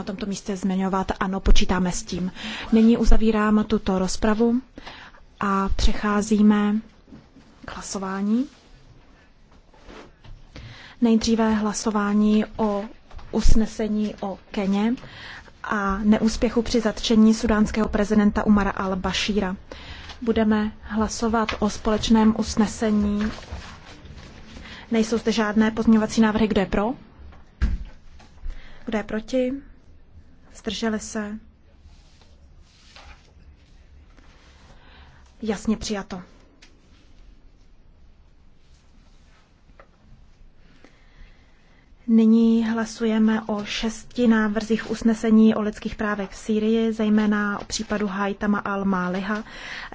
na tomto místě zmiňovat. Ano, počítáme s tím. Nyní uzavírám tuto rozpravu a přecházíme k hlasování. Nejdříve hlasování o usnesení o Keně a neúspěchu při zatčení sudánského prezidenta Umara al-Bashíra. Budeme hlasovat o společném usnesení. Nejsou zde žádné pozměňovací návrhy. Kdo je pro? Kdo je proti? Zdrželi se? Jasně přijato. Nyní hlasujeme o šesti návrzích usnesení o lidských právech v Sýrii, zejména o případu Haitama al-Máliha.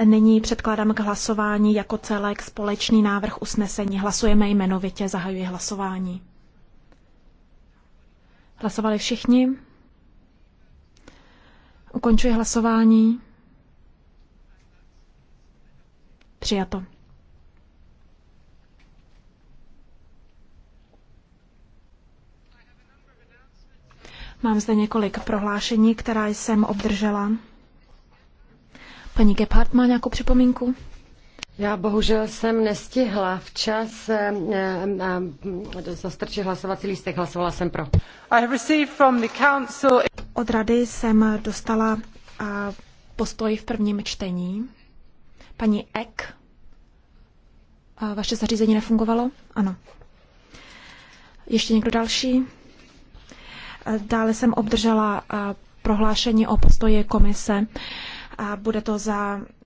Nyní předkládám k hlasování jako celek společný návrh usnesení. Hlasujeme jmenovitě, zahajuji hlasování. Hlasovali všichni? Ukončuji hlasování. Přijato. Mám zde několik prohlášení, která jsem obdržela. Paní Gebhardt má nějakou připomínku? Já bohužel jsem nestihla včas eh, eh, eh, zastrčit hlasovací lístek. Hlasovala jsem pro. I have received from the council... Od rady jsem dostala postoj v prvním čtení. Paní Ek, vaše zařízení nefungovalo? Ano. Ještě někdo další? Dále jsem obdržela prohlášení o postoji komise. Bude to za